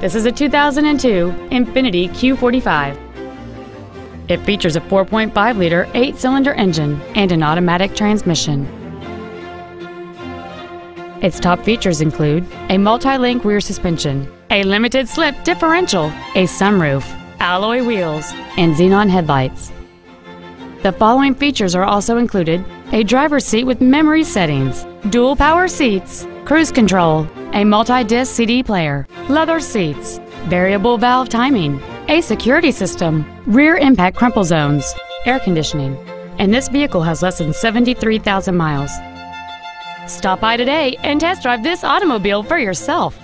This is a 2002 Infiniti Q45. It features a 4.5-liter eight-cylinder engine and an automatic transmission. Its top features include a multi-link rear suspension, a limited slip differential, a sunroof, alloy wheels, and xenon headlights. The following features are also included a driver's seat with memory settings, dual power seats, cruise control, a multi-disc CD player, leather seats, variable valve timing, a security system, rear impact crumple zones, air conditioning, and this vehicle has less than 73,000 miles. Stop by today and test drive this automobile for yourself.